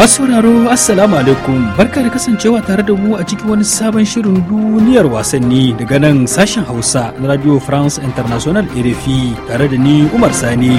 Masu sauraro Assalamu alaikum barka da kasancewa tare da mu a cikin wani sabon shirin duniyar wasanni daga nan sashen Hausa na Radio France International RFI tare da ni Umar Sani.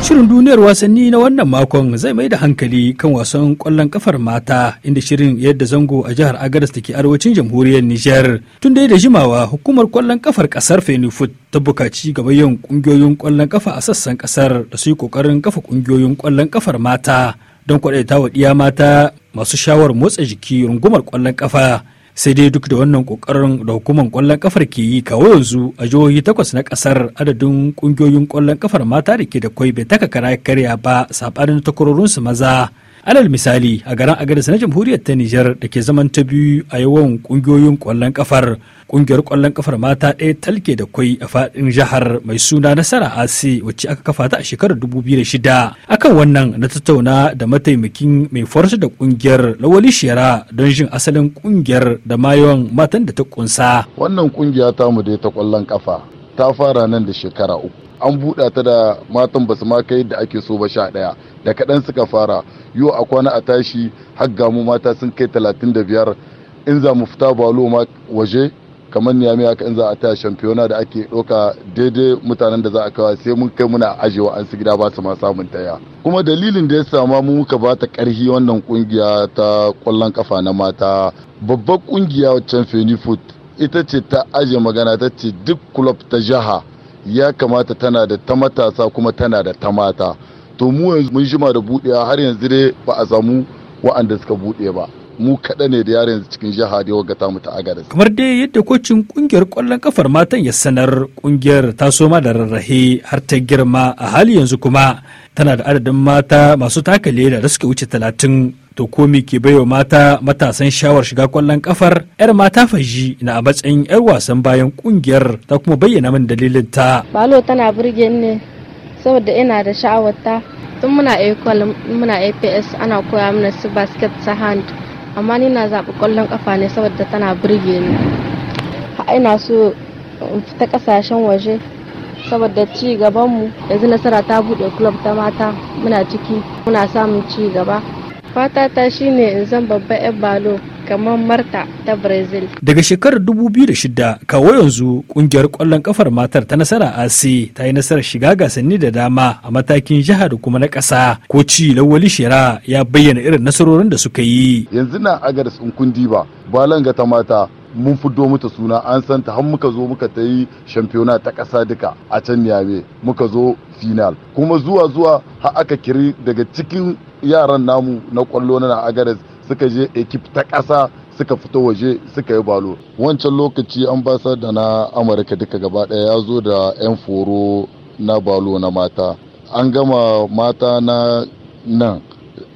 Shirin duniyar wasanni na wannan makon zai mai da hankali kan wasan kwallon kafar mata inda shirin yadda zango a jihar Agadas da ke arewacin jamhuriyar Nijar. Tun dai da jimawa hukumar kwallon kafar kasar Fenifut ta bukaci gabayin kungiyoyin kwallon kafa a sassan kasar da su yi kokarin kafa kungiyoyin kwallon kafar mata. don kwaɗaita wa ɗiya mata masu shawar motsa jiki rungumar ƙwallon ƙafa sai dai duk da wannan ƙoƙarin da hukumar ƙwallon ƙafar ke yi kawo yanzu a jihohi takwas na ƙasar adadin ƙungiyoyin ƙwallon ƙafar mata da ke da kwai bai taka kara karya ba saɓanin takwarorinsu maza alal misali a garin agadis na jamhuriyar ta nijar da ke zaman ta biyu a yawan kungiyoyin kwallon kafar kungiyar kwallon kafar mata ɗaya talke da kwai a fadin jihar mai suna nasara asi wacce aka kafa ta a shekarar 2006 akan wannan na tattauna da mataimakin mai farsa da kungiyar lawali shera don jin asalin kungiyar da ma matan da ta kunsa wannan kungiya ta mu dai ta kwallon kafa ta fara nan da shekara uku an buɗa ta da matan basu ma kai da ake so ba sha ɗaya da kaɗan suka fara yau a kwana a tashi har gamu mata sun kai talatin da biyar in za mu fita balo ma waje kamar niyami haka in za a taya shampiyona da ake ɗauka daidai mutanen da za a kawai sai mun kai muna ajewa an su gida ba su ma samun taya kuma dalilin da ya sama mu muka ba ta ƙarhi wannan ƙungiya ta ƙwallon kafa na mata babbar ƙungiya wacce fenifoot ita ce ta aje magana ta ce duk kulob ta jiha ya kamata tana da ta matasa kuma tana da ta mata to mu yanzu mun jima da buɗewa har yanzu dai ba a samu wa'anda suka buɗe ba mu kaɗa ne da yaran yanzu cikin jiha da yawan ta mu ta kamar dai yadda kocin kungiyar kwallon kafar matan ya sanar kungiyar ta soma da rarrahe har ta girma a hali yanzu kuma tana da adadin mata masu takale leda da suka wuce talatin To ko me ke baiwa mata matasan shawar shiga kwallon kafar yar mata faji na a matsayin yar wasan bayan kungiyar ta kuma bayyana min dalilin ta. Balo tana burge ne saboda ina da sha'awar ta. Tun muna APS muna APS ana koya mana su basket ta hand amma ni na zaɓi kwallon kafa ne saboda tana burge ni. Ina so in fita kasashen waje saboda ci mu yanzu nasara ta buɗe club ta mata muna ciki muna samun ci gaba fatata shine in zan babba 'yan balo kamar marta ta brazil daga shekarar 2006 kawo yanzu kungiyar kwallon kafar matar ta nasara asi ta yi nasarar shiga gasanni da dama a matakin jihar da kuma na ƙasa ko ci lawali shira ya bayyana irin nasarorin da suka yi yanzu na agar sun kundi ba ga ta mata mun fido mata suna an san ta har muka zo muka ta yi shampiyona ta ƙasa duka a can niyame muka zo final kuma zuwa zuwa har aka kiri daga cikin yaran namu na kwallo na agares suka je ekip ta ƙasa suka fito waje suka yi balo wancan lokaci an basa da na amurka duka gaba ɗaya ya zo da 'yan foro na balo na mata an gama mata na nan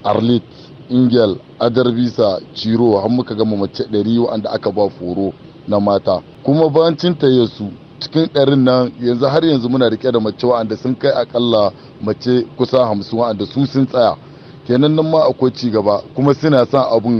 arlit ingel adarbisa ciro har muka gama mace ɗari wanda aka ba foro na mata kuma cinta su cikin ɗarin nan yanzu har yanzu muna rike da mace wa'anda sun kai akalla mace kusa hamsin wa'anda su sun tsaya kenan nan ma akwai ci gaba kuma suna son abun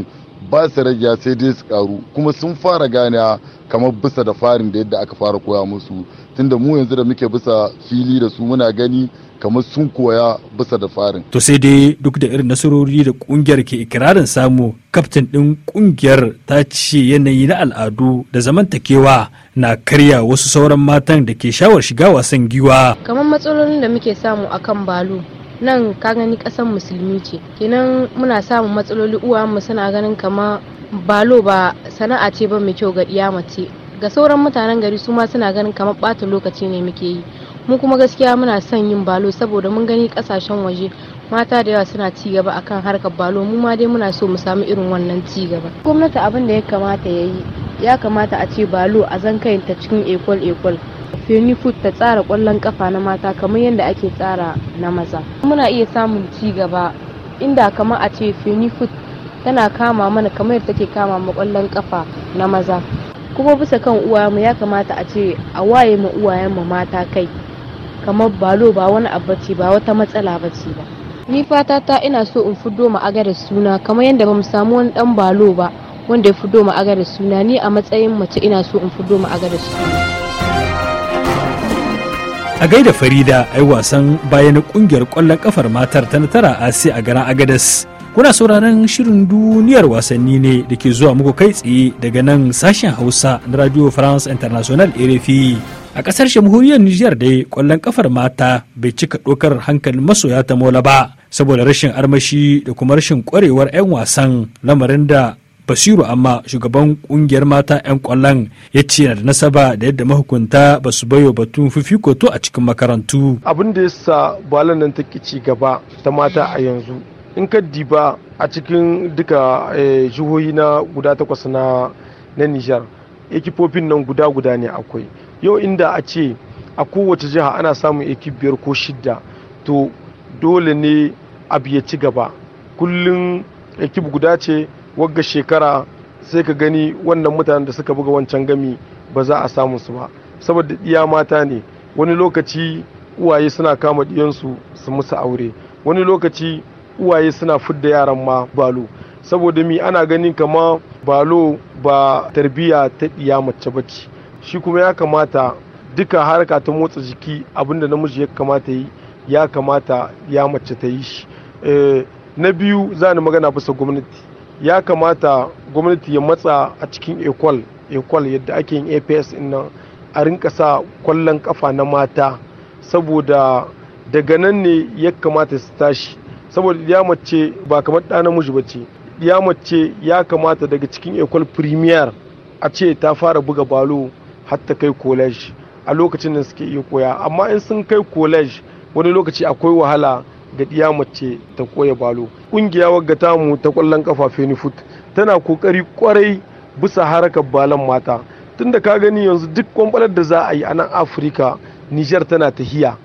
ba su rage sai dai su karu kuma sun fara ganewa kamar bisa da farin da yadda aka fara koya musu tunda mu yanzu da muke bisa fili da su muna gani kamar sun koya bisa da farin. To sai dai duk da irin nasarori da kungiyar ke ikirarin samu kaftin din kungiyar ta ce yanayi na al'adu da zamantakewa na karya wasu sauran matan da ke shawar shiga wasan giwa. Kamar matsalolin da muke samu akan balo nan ka gani kasan musulmi ce kenan muna samun matsaloli mu suna ganin kama balo ba sana'a ce ba mai kyau ga iya mace ga sauran mutanen gari su ma suna ganin kamar bata lokaci ne muke yi mu kuma gaskiya muna son yin balo saboda mun gani kasashen waje mata da yawa suna ci gaba akan harkar balo mu ma dai muna so mu samu irin wannan ci gaba gwamnati abin da ya kamata ya yi ya kamata a ce balo a zan ta cikin ekol ekol fenifood ta tsara kwallon kafa na mata kamar yadda ake tsara na maza muna iya samun ci gaba inda kama a ce fenifood tana kama mana kamar yadda take kama ma kwallon kafa na maza kuma bisa kan uwayenmu ya kamata a ce a waye ma uwayenmu mata kai kamar balo ba wani abu ce ba wata matsala ba ce ba ni fata ta ina so in fiddo ma aga da suna kamar yadda bamu samu wani dan balo ba wanda ya fiddo ma aga da suna ni a matsayin mace ina so in fudo ma aga da suna a gaida farida a yi wasan bayan kungiyar kwallon kafar matar ta tara asiya a garin agadas kuna sauraron shirin duniyar wasanni ne da ke zuwa muku kai tsaye daga nan sashen hausa na radio france international rfi a kasar jamhuriyar nijar dai kwallon kafar mata bai cika dokar hankalin masoya ta mola ba saboda rashin armashi da kuma rashin kwarewar 'yan wasan lamarin da basiru amma shugaban kungiyar mata 'yan kwallon ya ce na da nasaba da yadda mahukunta ba su bayo batun fifikoto a cikin makarantu abin da ya sa bala nan ta ci gaba ta mata a yanzu in ka diba a cikin duka eh, jihohi na guda takwas na na nijar ekipofin nan guda guda ne akwai yau inda a ce a kowace jiha ana samun ekip biyar ko shidda to dole ne abu ya ci gaba kullum ekip guda ce wagga shekara sai ka gani wannan mutanen da suka buga wancan gami ba za a samu su ba saboda iya mata ne wani lokaci uwaye suna kama diyansu su musu aure wani lokaci uwaye suna fidda yaran ma balo saboda mi ana ganin kama balo ba tarbiyya ta iya mace bace shi kuma ya kamata duka harka ta motsa jiki abinda namiji ya kamata yi ya kamata ya mace ta yi shi eh, na biyu za ni magana bisa gwamnati ya kamata gwamnati ya matsa a cikin ekwal ekwal yadda ake yin aps nan a rinka sa kwallon kafa na mata saboda daga nan ne ya kamata su tashi saboda ya mace ba kamar ɗa namiji ba ce ya mace ya kamata daga cikin ekwal premier a ce ta fara buga balo har kai college a lokacin da suke iya koya amma in sun kai college wani lokaci akwai wahala ga ɗiya mace ta koya balo ƙungiya wagga mu ta ƙwallon kafa fenifut tana ƙoƙari ƙwarai bisa harakar balon mata tunda ka gani yanzu duk kwamfalar da za a yi a nan afirka nijar tana ta tahiya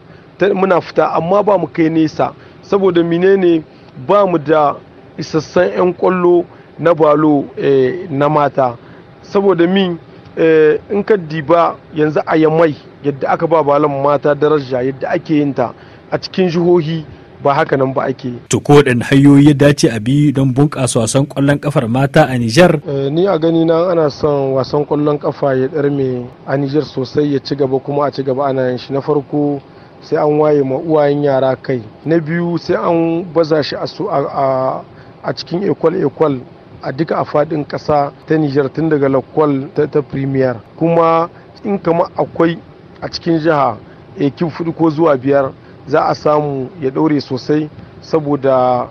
muna fita amma ba mu kai nesa saboda menene ba mu da isassan 'yan kwallo na balo eh, na mata saboda min eh, in ka diba yanzu a yamai yadda aka ba balon mata daraja yadda ake yinta a cikin jihohi ba haka nan ba ake To ko waɗanne hanyoyi ya dace a bi don bunƙasa wasan ƙwallon ƙafar mata a Nijar? Eh, ni a gani na ana son wasan ƙwallon kafa ya ɗarme a Nijar sosai ya ci gaba kuma a ci gaba ana yin shi na farko sai an waye ma uwayen yara kai na biyu sai an baza shi a a cikin ekwal-ekwal a duka a faɗin ƙasa ta Nijar tun daga lakwal ta premier kuma in kama akwai a cikin jiha ekip eh, fudu ko zuwa biyar za a samu ya ɗaure sosai saboda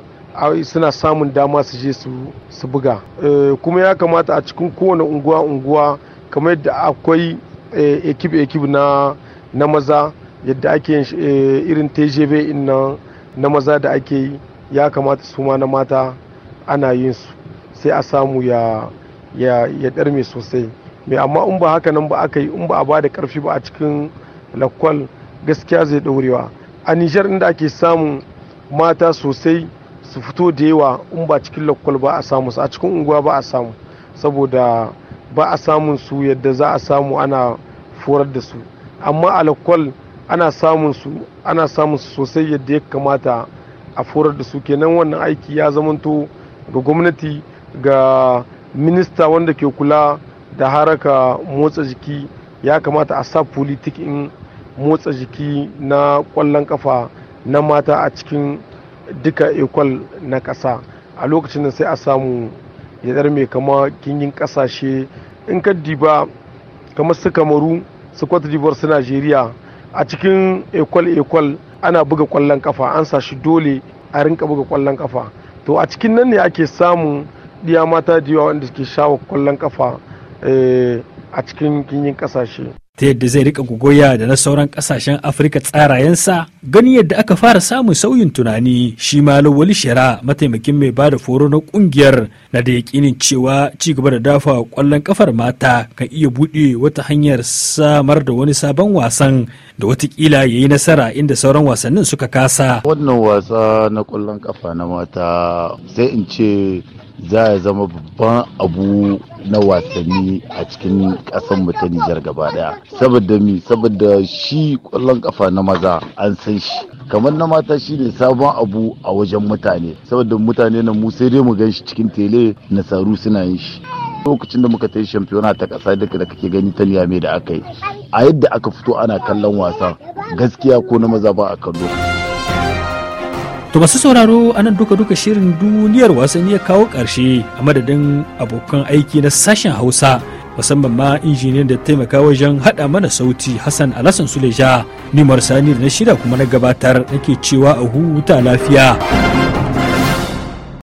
suna samun dama su je su buga eh, kuma ya kamata a cikin kowane unguwa-unguwa kamar yadda akwai eh, ekip-ekip na maza yadda ake eh, irin tgv nan na maza da ake yi ya kamata su ma na mata ana yin su sai a samu ya ya ɗarme sosai mai amma in ba haka nan ba aka yi in ba a ba da ƙarfi ba a cikin lakwal gaskiya zai ɗorewa a nijar inda ake samun mata sosai su fito da yawa in ba cikin lakwal ba a samu su a cikin unguwa ba a samu saboda ba a samun su yadda za a samu ana forar da su amma a lakwal ana samun su ana samun su sosai yadda ya kamata a forar da su kenan wannan aiki ya zamanto ga gwamnati ga minista wanda ke kula da haraka motsa jiki ya kamata a sa politik in motsa jiki na ƙwallon kafa na mata a cikin duka ekwal na ƙasa a lokacin da sai a samu ya mai kama kingin ƙasashe in ka diba kamar su kamaru su Kwata d'ivoire su nigeria a cikin ekwal-ekwal ana buga ƙwallon kafa an sashi dole a rinka buga kwallon kafa to a cikin nan ne ake samun diya mata da yawa wanda suke shawa kwallon kafa eh, a cikin kingin ƙasashe ta yadda zai rika gugoya da na sauran kasashen afirka tsarayensa gani yadda aka fara samun sauyin tunani shi ma lawali shara mataimakin mai bada foro na kungiyar na da yakinin cewa ci gaba da dafa kwallon kafar mata kan iya buɗe wata hanyar samar da wani sabon wasan da watakila ya yi nasara inda sauran wasannin suka kasa wannan wasa na kwallon kafa na mata sai in ce za ya zama babban abu na wasanni a cikin ƙasar mu ta Nijar gaba daya saboda mi saboda shi ƙwallon kafa na maza an san shi kamar na mata shi ne sabon abu a wajen mutane saboda mutane na mu sai dai mu gan shi cikin tele nasaru suna yin shi lokacin da muka tafi shampiyona ta ƙasa duka da kake gani ta niyame da aka yi a yadda aka fito ana kallon wasa gaskiya ko na maza ba a kallo To masu sauraro anan duka-duka shirin duniyar wasanni ya kawo ƙarshe a madadin abokan aiki na sashen Hausa musamman ma injiniyan da taimaka wajen haɗa mana sauti Hassan alasan Suleja ni Sani da na shirya kuma na gabatar nake cewa a huta lafiya.